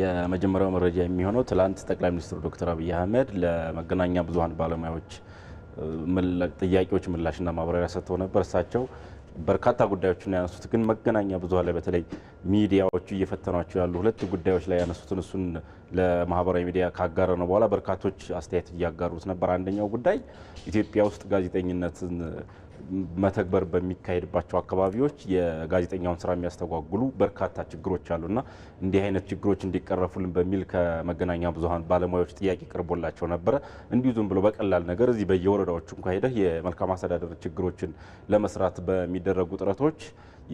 የመጀመሪያው መረጃ የሚሆነው ትላንት ጠቅላይ ሚኒስትሩ ዶክተር አብይ አህመድ ለመገናኛ ብዙሀን ባለሙያዎች ጥያቄዎች ምላሽና ማብራሪያ ሰጥተው ነበር። እሳቸው በርካታ ጉዳዮችን ያነሱት ግን መገናኛ ብዙሀን ላይ በተለይ ሚዲያዎቹ እየፈተኗቸው ያሉ ሁለት ጉዳዮች ላይ ያነሱትን እሱን ለማህበራዊ ሚዲያ ካጋረ ነው በኋላ በርካቶች አስተያየት እያጋሩት ነበር። አንደኛው ጉዳይ ኢትዮጵያ ውስጥ ጋዜጠኝነትን መተግበር በሚካሄድባቸው አካባቢዎች የጋዜጠኛውን ስራ የሚያስተጓጉሉ በርካታ ችግሮች አሉና እንዲህ አይነት ችግሮች እንዲቀረፉልን በሚል ከመገናኛ ብዙኃን ባለሙያዎች ጥያቄ ቀርቦላቸው ነበረ። እንዲሁ ዝም ብሎ በቀላል ነገር እዚህ በየወረዳዎቹ እንኳ ሄደህ የመልካም አስተዳደር ችግሮችን ለመስራት በሚደረጉ ጥረቶች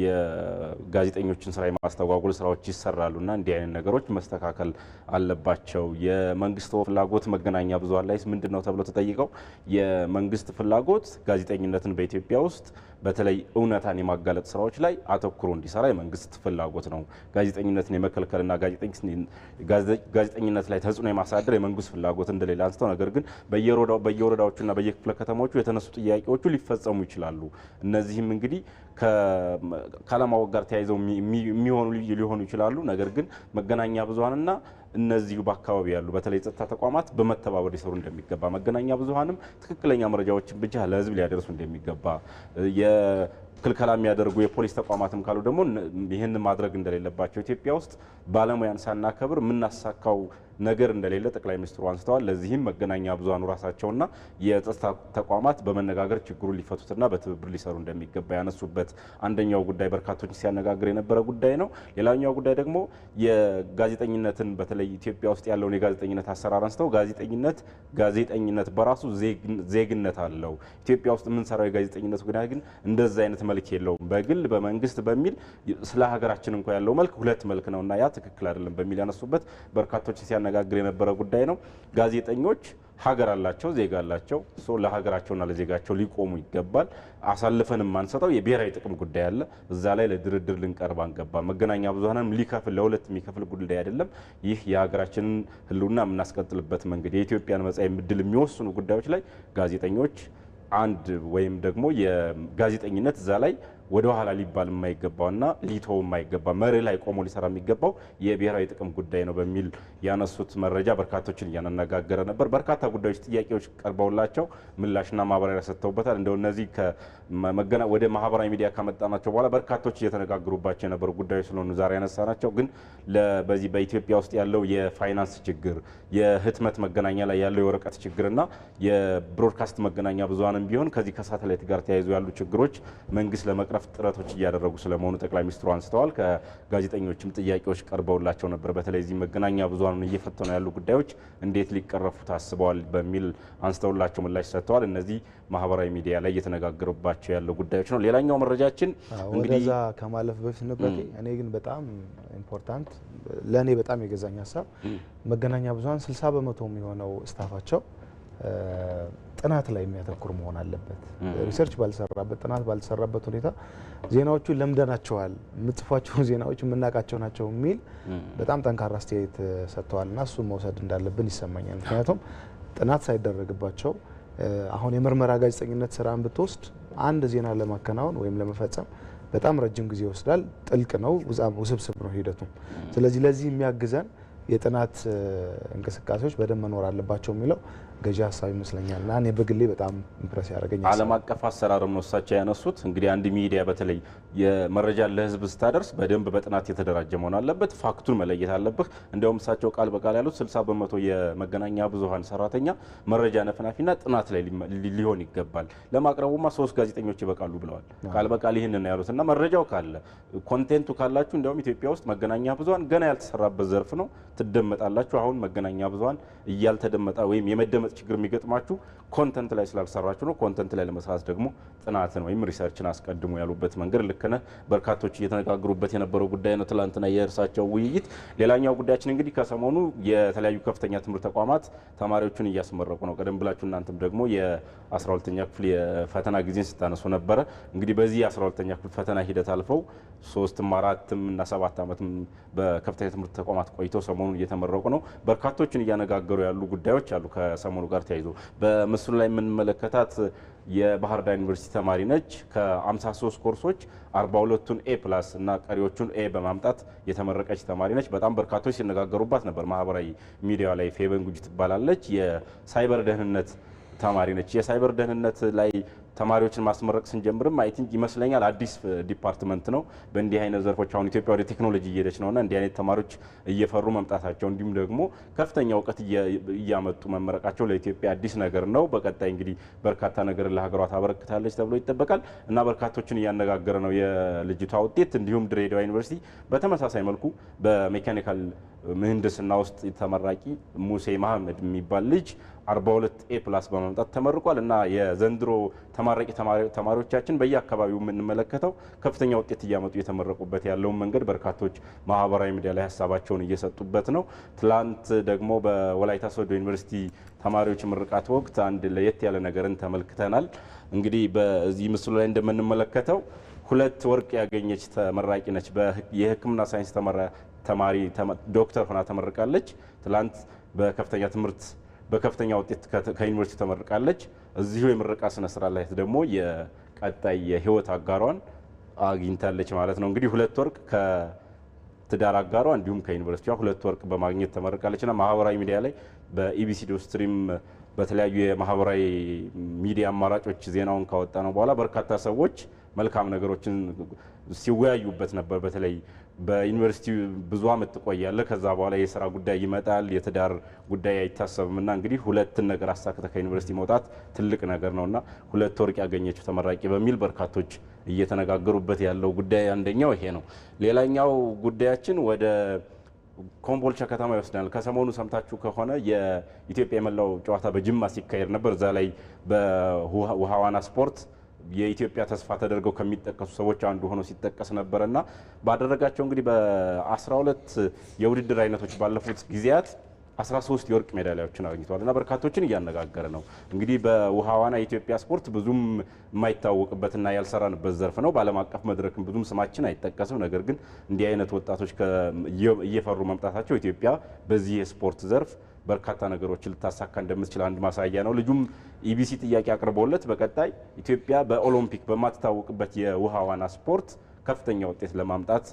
የጋዜጠኞችን ስራ የማስተጓጉል ስራዎች ይሰራሉ እና እንዲህ አይነት ነገሮች መስተካከል አለባቸው። የመንግስት ፍላጎት መገናኛ ብዙኃን ላይ ምንድን ነው ተብለው ተጠይቀው የመንግስት ፍላጎት ጋዜጠኝነትን በኢትዮጵያ ውስጥ በተለይ እውነታን የማጋለጥ ስራዎች ላይ አተኩሮ እንዲሰራ የመንግስት ፍላጎት ነው። ጋዜጠኝነትን የመከልከልና ጋዜጠኝነት ላይ ተጽዕኖ የማሳደር የመንግስት ፍላጎት እንደሌለ አንስተው ነገር ግን በየወረዳዎቹና በየክፍለ ከተሞቹ የተነሱ ጥያቄዎቹ ሊፈጸሙ ይችላሉ። እነዚህም እንግዲህ ከአለማወቅ ጋር ተያይዘው የሚሆኑ ሊሆኑ ይችላሉ። ነገር ግን መገናኛ ብዙሀንና እነዚሁ በአካባቢ ያሉ በተለይ ጸጥታ ተቋማት በመተባበር ሊሰሩ እንደሚገባ፣ መገናኛ ብዙሀንም ትክክለኛ መረጃዎችን ብቻ ለህዝብ ሊያደርሱ እንደሚገባ ክልከላ የሚያደርጉ የፖሊስ ተቋማትም ካሉ ደግሞ ይህን ማድረግ እንደሌለባቸው ኢትዮጵያ ውስጥ ባለሙያን ሳናከብር የምናሳካው ነገር እንደሌለ ጠቅላይ ሚኒስትሩ አንስተዋል። ለዚህም መገናኛ ብዙሃኑ ራሳቸውና የጸጥታ ተቋማት በመነጋገር ችግሩን ሊፈቱትና በትብብር ሊሰሩ እንደሚገባ ያነሱበት አንደኛው ጉዳይ በርካቶች ሲያነጋግር የነበረ ጉዳይ ነው። ሌላኛው ጉዳይ ደግሞ የጋዜጠኝነትን በተለይ ኢትዮጵያ ውስጥ ያለውን የጋዜጠኝነት አሰራር አንስተው ጋዜጠኝነት ጋዜጠኝነት በራሱ ዜግነት አለው። ኢትዮጵያ ውስጥ የምንሰራው የጋዜጠኝነት ጉዳይ ግን እንደዛ አይነት መልክ የለውም። በግል በመንግስት በሚል ስለ ሀገራችን እንኳ ያለው መልክ ሁለት መልክ ነው እና ያ ትክክል አይደለም በሚል ያነሱበት በርካቶች ሲያነጋግር የነበረ ጉዳይ ነው። ጋዜጠኞች ሀገር አላቸው፣ ዜጋ አላቸው። ለሀገራቸውና ለዜጋቸው ሊቆሙ ይገባል። አሳልፈን የማንሰጠው የብሔራዊ ጥቅም ጉዳይ አለ። እዛ ላይ ለድርድር ልንቀርብ አንገባ። መገናኛ ብዙሀንም ሊከፍል ለሁለት የሚከፍል ጉዳይ አይደለም። ይህ የሀገራችንን ህልውና የምናስቀጥልበት መንገድ የኢትዮጵያን መጻኢ ዕድል የሚወስኑ ጉዳዮች ላይ ጋዜጠኞች አንድ ወይም ደግሞ የጋዜጠኝነት እዛ ላይ ወደ ኋላ ሊባል የማይገባውና ሊተው የማይገባ መሪ ላይ ቆሞ ሊሰራ የሚገባው የብሔራዊ ጥቅም ጉዳይ ነው በሚል ያነሱት መረጃ በርካቶችን እያነጋገረ ነበር። በርካታ ጉዳዮች፣ ጥያቄዎች ቀርበውላቸው ምላሽና ማብራሪያ ሰጥተውበታል። እንደው እነዚህ ወደ ማህበራዊ ሚዲያ ካመጣናቸው በኋላ በርካቶች እየተነጋገሩባቸው የነበሩ ጉዳዮች ስለሆኑ ዛሬ ያነሳ ናቸው። ግን በዚህ በኢትዮጵያ ውስጥ ያለው የፋይናንስ ችግር፣ የህትመት መገናኛ ላይ ያለው የወረቀት ችግርና የብሮድካስት መገናኛ ብዙሀንም ቢሆን ከዚህ ከሳተላይት ጋር ተያይዞ ያሉ ችግሮች መንግስት ለመቅረ ለማቅረፍ ጥረቶች እያደረጉ ስለመሆኑ ጠቅላይ ሚኒስትሩ አንስተዋል። ከጋዜጠኞችም ጥያቄዎች ቀርበውላቸው ነበር። በተለይ እዚህ መገናኛ ብዙሃኑን እየፈተኑ ያሉ ጉዳዮች እንዴት ሊቀረፉ ታስበዋል በሚል አንስተውላቸው ምላሽ ሰጥተዋል። እነዚህ ማህበራዊ ሚዲያ ላይ እየተነጋገሩባቸው ያለው ጉዳዮች ነው። ሌላኛው መረጃችን እንግዲህ ከማለፍ በፊት ንብረት እኔ ግን በጣም ኢምፖርታንት ለእኔ በጣም የገዛኝ ሀሳብ መገናኛ ብዙኃን 60 በመቶ የሚሆነው ስታፋቸው ጥናት ላይ የሚያተኩር መሆን አለበት። ሪሰርች ባልሰራበት ጥናት ባልተሰራበት ሁኔታ ዜናዎቹ ለምደናቸዋል፣ የምጽፏቸው ዜናዎች የምናውቃቸው ናቸው የሚል በጣም ጠንካራ አስተያየት ሰጥተዋል እና እሱን መውሰድ እንዳለብን ይሰማኛል። ምክንያቱም ጥናት ሳይደረግባቸው አሁን የምርመራ ጋዜጠኝነት ስራን ብትወስድ አንድ ዜና ለማከናወን ወይም ለመፈጸም በጣም ረጅም ጊዜ ይወስዳል። ጥልቅ ነው፣ ውስብስብ ነው ሂደቱ። ስለዚህ ለዚህ የሚያግዘን የጥናት እንቅስቃሴዎች በደንብ መኖር አለባቸው የሚለው ገዢ ሀሳብ ይመስለኛል እና እኔ በግሌ በጣም ኢምፕረስ ያደረገኝ ዓለም አቀፍ አሰራርም ነው እሳቸው ያነሱት። እንግዲህ አንድ ሚዲያ በተለይ የመረጃ ለህዝብ ስታደርስ በደንብ በጥናት የተደራጀ መሆን አለበት፣ ፋክቱን መለየት አለብህ። እንዲያውም እሳቸው ቃል በቃል ያሉት 60 በመቶ የመገናኛ ብዙሀን ሰራተኛ መረጃ ነፍናፊና ጥናት ላይ ሊሆን ይገባል፣ ለማቅረቡማ ሶስት ጋዜጠኞች ይበቃሉ ብለዋል። ቃል በቃል ይህንን ነው ያሉት እና መረጃው ካለ ኮንቴንቱ ካላችሁ እንዲያውም ኢትዮጵያ ውስጥ መገናኛ ብዙሀን ገና ያልተሰራበት ዘርፍ ነው፣ ትደመጣላችሁ። አሁን መገናኛ ብዙሀን እያልተደመጠ ወይም የመደመጥ ችግር የሚገጥማችሁ ኮንተንት ላይ ስላልሰራችሁ ነው። ኮንተንት ላይ ለመስራት ደግሞ ጥናትን ወይም ሪሰርችን አስቀድሙ ያሉበት መንገድ ልክ ነህ። በርካቶች እየተነጋገሩበት የነበረው ጉዳይ ነው ትላንትና የእርሳቸው ውይይት። ሌላኛው ጉዳያችን እንግዲህ ከሰሞኑ የተለያዩ ከፍተኛ ትምህርት ተቋማት ተማሪዎቹን እያስመረቁ ነው። ቀደም ብላችሁ እናንተም ደግሞ የ12ተኛ ክፍል የፈተና ጊዜን ስታነሱ ነበረ። እንግዲህ በዚህ የ12ተኛ ክፍል ፈተና ሂደት አልፈው ሶስትም አራትም እና ሰባት ዓመትም በከፍተኛ ትምህርት ተቋማት ቆይተው ሰሞኑን እየተመረቁ ነው። በርካቶችን እያነጋገሩ እየተነገሩ ያሉ ጉዳዮች አሉ ከሰሞኑ ጋር ተያይዞ። በምስሉ ላይ የምንመለከታት የባህር ዳር ዩኒቨርሲቲ ተማሪ ነች። ከ53 ኮርሶች 42ቱን ኤ ፕላስ እና ቀሪዎቹን ኤ በማምጣት የተመረቀች ተማሪ ነች። በጣም በርካቶች ሲነጋገሩባት ነበር ማህበራዊ ሚዲያ ላይ። ፌቨን ጉጅ ትባላለች። የሳይበር ደህንነት ተማሪ ነች። የሳይበር ደህንነት ላይ ተማሪዎችን ማስመረቅ ስንጀምርም አይ ቲንክ ይመስለኛል አዲስ ዲፓርትመንት ነው። በእንዲህ አይነት ዘርፎች አሁን ኢትዮጵያ ወደ ቴክኖሎጂ እየሄደች ነውና እንዲህ አይነት ተማሪዎች እየፈሩ መምጣታቸው እንዲሁም ደግሞ ከፍተኛ እውቀት እያመጡ መመረቃቸው ለኢትዮጵያ አዲስ ነገር ነው። በቀጣይ እንግዲህ በርካታ ነገርን ለሀገሯ ታበረክታለች ተብሎ ይጠበቃል እና በርካቶችን እያነጋገረ ነው የልጅቷ ውጤት። እንዲሁም ድሬዳዋ ዩኒቨርሲቲ በተመሳሳይ መልኩ በሜካኒካል ምህንድስና ውስጥ ተመራቂ ሙሴ መሀመድ የሚባል ልጅ 42 ኤ ፕላስ በማምጣት ተመርቋል እና የዘንድሮ ተማራቂ ተማሪዎቻችን በየአካባቢው የምንመለከተው ከፍተኛ ውጤት እያመጡ እየተመረቁበት ያለውን መንገድ በርካቶች ማህበራዊ ሚዲያ ላይ ሀሳባቸውን እየሰጡበት ነው። ትላንት ደግሞ በወላይታ ሶዶ ዩኒቨርሲቲ ተማሪዎች ምርቃት ወቅት አንድ ለየት ያለ ነገርን ተመልክተናል። እንግዲህ በዚህ ምስሉ ላይ እንደምንመለከተው ሁለት ወርቅ ያገኘች ተመራቂ ነች። የሕክምና ሳይንስ ተማሪ ዶክተር ሆና ተመርቃለች። ትላንት በከፍተኛ ትምህርት በከፍተኛ ውጤት ከዩኒቨርሲቲ ተመርቃለች። እዚሁ የምረቃ ስነ ስርዓት ላይ ደግሞ የቀጣይ የህይወት አጋሯን አግኝታለች ማለት ነው። እንግዲህ ሁለት ወርቅ ከትዳር አጋሯ እንዲሁም ከዩኒቨርሲቲዋ ሁለት ወርቅ በማግኘት ተመርቃለችና ማህበራዊ ሚዲያ ላይ በኢቢሲ ዶት ስትሪም በተለያዩ የማህበራዊ ሚዲያ አማራጮች ዜናውን ካወጣ ነው በኋላ በርካታ ሰዎች መልካም ነገሮችን ሲወያዩበት ነበር። በተለይ በዩኒቨርሲቲ ብዙ አመት ትቆያለህ። ከዛ በኋላ የስራ ጉዳይ ይመጣል፣ የትዳር ጉዳይ አይታሰብም። እና እንግዲህ ሁለትን ነገር አሳክተ ከዩኒቨርሲቲ መውጣት ትልቅ ነገር ነው እና ሁለት ወርቅ ያገኘችው ተመራቂ በሚል በርካቶች እየተነጋገሩበት ያለው ጉዳይ አንደኛው ይሄ ነው። ሌላኛው ጉዳያችን ወደ ኮምቦልቻ ከተማ ይወስዳል። ከሰሞኑ ሰምታችሁ ከሆነ የኢትዮጵያ የመላው ጨዋታ በጅማ ሲካሄድ ነበር። እዛ ላይ በውሃዋና ስፖርት የኢትዮጵያ ተስፋ ተደርገው ከሚጠቀሱ ሰዎች አንዱ ሆኖ ሲጠቀስ ነበር እና ባደረጋቸው እንግዲህ በ12 የውድድር አይነቶች ባለፉት ጊዜያት 13 የወርቅ ሜዳሊያዎችን አግኝተዋል እና በርካቶችን እያነጋገረ ነው። እንግዲህ በውሃ ዋና የኢትዮጵያ ስፖርት ብዙም የማይታወቅበትና ያልሰራንበት ዘርፍ ነው። በዓለም አቀፍ መድረክም ብዙም ስማችን አይጠቀስም። ነገር ግን እንዲህ አይነት ወጣቶች እየፈሩ መምጣታቸው ኢትዮጵያ በዚህ የስፖርት ዘርፍ በርካታ ነገሮችን ልታሳካ እንደምትችል አንድ ማሳያ ነው። ልጁም ኢቢሲ ጥያቄ አቅርቦለት በቀጣይ ኢትዮጵያ በኦሎምፒክ በማትታወቅበት የውሃ ዋና ስፖርት ከፍተኛ ውጤት ለማምጣት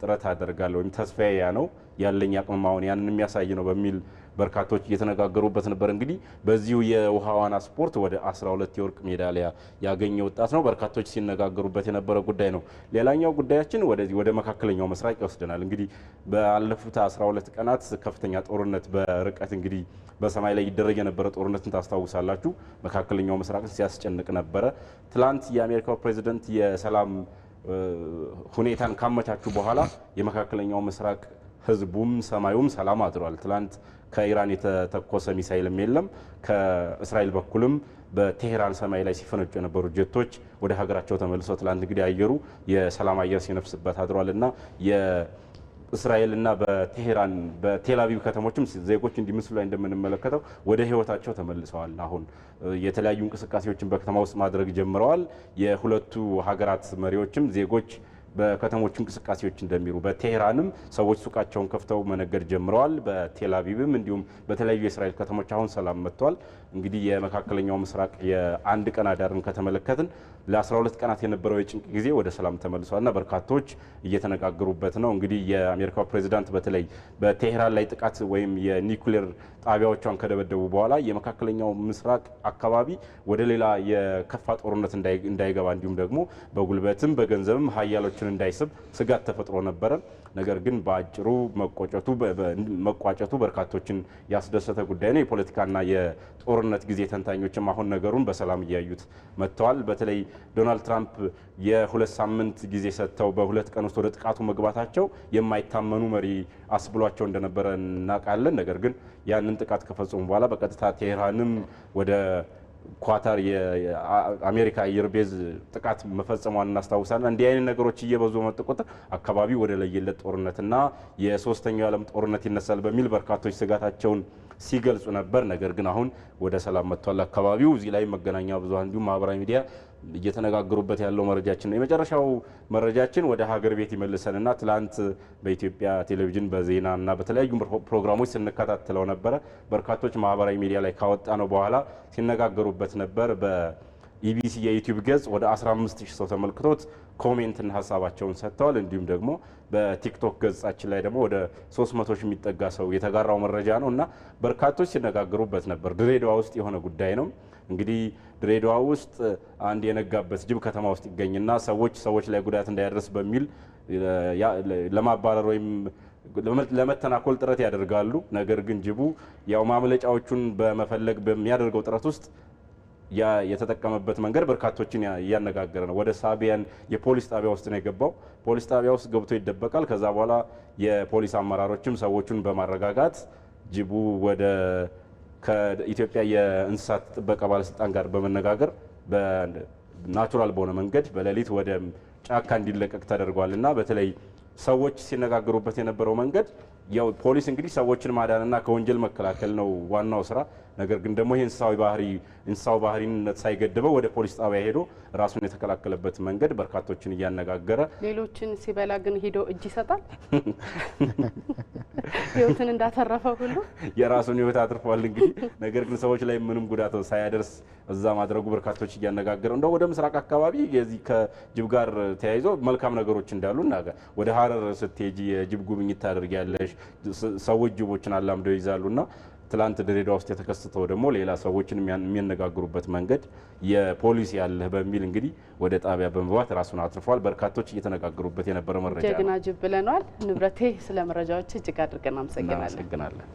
ጥረት አደርጋለሁ ወይም ተስፋዬ ያ ነው ያለኝ አቅምማውን ያንን የሚያሳይ ነው በሚል በርካቶች እየተነጋገሩበት ነበር። እንግዲህ በዚሁ የውሃ ዋና ስፖርት ወደ 12 የወርቅ ሜዳሊያ ያገኘ ወጣት ነው። በርካቶች ሲነጋገሩበት የነበረ ጉዳይ ነው። ሌላኛው ጉዳያችን ወደዚህ ወደ መካከለኛው ምስራቅ ይወስደናል። እንግዲህ ባለፉት 12 ቀናት ከፍተኛ ጦርነት በርቀት እንግዲህ በሰማይ ላይ ይደረግ የነበረ ጦርነትን ታስታውሳላችሁ። መካከለኛው ምስራቅን ሲያስጨንቅ ነበረ። ትላንት የአሜሪካው ፕሬዚደንት የሰላም ሁኔታን ካመቻቹ በኋላ የመካከለኛው ምስራቅ ህዝቡም ሰማዩም ሰላም አድሯል። ትላንት ከኢራን የተተኮሰ ሚሳይልም የለም። ከእስራኤል በኩልም በቴሄራን ሰማይ ላይ ሲፈነጩ የነበሩ ጀቶች ወደ ሀገራቸው ተመልሶ ትላንት እንግዲህ አየሩ የሰላም አየር ሲነፍስበት አድሯል እና እስራኤልና በቴሄራን በቴልአቪቭ ከተሞችም ዜጎች እንዲህ ምስሉ ላይ እንደምንመለከተው ወደ ህይወታቸው ተመልሰዋል። አሁን የተለያዩ እንቅስቃሴዎችን በከተማ ውስጥ ማድረግ ጀምረዋል። የሁለቱ ሀገራት መሪዎችም ዜጎች በከተሞች እንቅስቃሴዎች እንደሚሩ በቴሄራንም ሰዎች ሱቃቸውን ከፍተው መነገድ ጀምረዋል። በቴላቪቭም እንዲሁም በተለያዩ የእስራኤል ከተሞች አሁን ሰላም መጥቷል። እንግዲህ የመካከለኛው ምስራቅ የአንድ ቀን አዳርን ከተመለከትን ለ12 ቀናት የነበረው የጭንቅ ጊዜ ወደ ሰላም ተመልሷልና በርካቶች እየተነጋገሩበት ነው። እንግዲህ የአሜሪካው ፕሬዚዳንት በተለይ በቴሄራን ላይ ጥቃት ወይም የኒኩሌር ጣቢያዎቿን ከደበደቡ በኋላ የመካከለኛው ምስራቅ አካባቢ ወደ ሌላ የከፋ ጦርነት እንዳይገባ እንዲሁም ደግሞ በጉልበትም በገንዘብም ሀያሎችን ትኩረታችን እንዳይስብ ስጋት ተፈጥሮ ነበረ። ነገር ግን በአጭሩ መቋጨቱ በርካቶችን ያስደሰተ ጉዳይ ነው። የፖለቲካና የጦርነት ጊዜ ተንታኞችም አሁን ነገሩን በሰላም እያዩት መጥተዋል። በተለይ ዶናልድ ትራምፕ የሁለት ሳምንት ጊዜ ሰጥተው በሁለት ቀን ውስጥ ወደ ጥቃቱ መግባታቸው የማይታመኑ መሪ አስብሏቸው እንደነበረ እናውቃለን። ነገር ግን ያንን ጥቃት ከፈጸሙ በኋላ በቀጥታ ቴህራንም ወደ ኳታር የአሜሪካ አየር ቤዝ ጥቃት መፈጸሟን እናስታውሳለን። እንዲህ አይነት ነገሮች እየበዙ መጡ ቁጥር አካባቢው ወደ ለየለት ጦርነትና የሶስተኛው ዓለም ጦርነት ይነሳል በሚል በርካቶች ስጋታቸውን ሲገልጹ ነበር። ነገር ግን አሁን ወደ ሰላም መጥቷል አካባቢው። እዚህ ላይ መገናኛ ብዙኃን እንዲሁም ማህበራዊ ሚዲያ እየተነጋገሩበት ያለው መረጃችን ነው። የመጨረሻው መረጃችን ወደ ሀገር ቤት ይመልሰንና ትላንት በኢትዮጵያ ቴሌቪዥን በዜናና በተለያዩ ፕሮግራሞች ስንከታተለው ነበረ። በርካቶች ማህበራዊ ሚዲያ ላይ ካወጣ ነው በኋላ ሲነጋገሩበት ነበር። በኢቢሲ የዩቲዩብ ገጽ ወደ 15 ሰው ተመልክቶት ኮሜንትና ሀሳባቸውን ሰጥተዋል። እንዲሁም ደግሞ በቲክቶክ ገጻችን ላይ ደግሞ ወደ 300 ሺህ የሚጠጋ ሰው የተጋራው መረጃ ነው እና በርካቶች ሲነጋገሩበት ነበር። ድሬዳዋ ውስጥ የሆነ ጉዳይ ነው እንግዲህ ድሬዳዋ ውስጥ አንድ የነጋበት ጅብ ከተማ ውስጥ ይገኝና ሰዎች ሰዎች ላይ ጉዳት እንዳያደርስ በሚል ለማባረር ወይም ለመተናኮል ጥረት ያደርጋሉ። ነገር ግን ጅቡ ያው ማምለጫዎቹን በመፈለግ በሚያደርገው ጥረት ውስጥ የተጠቀመበት መንገድ በርካቶችን እያነጋገረ ነው። ወደ ሳቢያን የፖሊስ ጣቢያ ውስጥ ነው የገባው። ፖሊስ ጣቢያ ውስጥ ገብቶ ይደበቃል። ከዛ በኋላ የፖሊስ አመራሮችም ሰዎቹን በማረጋጋት ጅቡ ወደ ከኢትዮጵያ የእንስሳት ጥበቃ ባለስልጣን ጋር በመነጋገር ናቹራል በሆነ መንገድ በሌሊት ወደ ጫካ እንዲለቀቅ ተደርጓል እና በተለይ ሰዎች ሲነጋገሩበት የነበረው መንገድ ያው ፖሊስ እንግዲህ ሰዎችን ማዳንና ከወንጀል መከላከል ነው ዋናው ስራ። ነገር ግን ደግሞ ይህ እንስሳዊ ባህሪ እንስሳዊ ባህሪነት ሳይገድበው ወደ ፖሊስ ጣቢያ ሄዶ ራሱን የተከላከለበት መንገድ በርካቶችን እያነጋገረ ሌሎችን ሲበላ ግን ሂዶ እጅ ይሰጣል። ህይወትን እንዳተረፈ ሁሉ የራሱን ህይወት አትርፏል። እንግዲህ ነገር ግን ሰዎች ላይ ምንም ጉዳት ሳያደርስ እዛ ማድረጉ በርካቶች እያነጋገረ እንደው ወደ ምስራቅ አካባቢ የዚህ ከጅብ ጋር ተያይዞ መልካም ነገሮች እንዳሉ እናገር። ወደ ሀረር ስትሄጂ የጅብ ጉብኝት ታደርጊያለሽ። ሰዎች ጅቦችን አላምደው ይዛሉና ትላንት ድሬዳዋ ውስጥ የተከሰተው ደግሞ ሌላ ሰዎችን የሚያነጋግሩበት መንገድ የፖሊስ ያለህ በሚል እንግዲህ ወደ ጣቢያ በመግባት ራሱን አትርፏል። በርካቶች እየተነጋገሩበት የነበረ መረጃ ነው። ጀግና ጅብ ንብረቴ፣ ስለ መረጃዎች እጅግ አድርገን አመሰግናለን።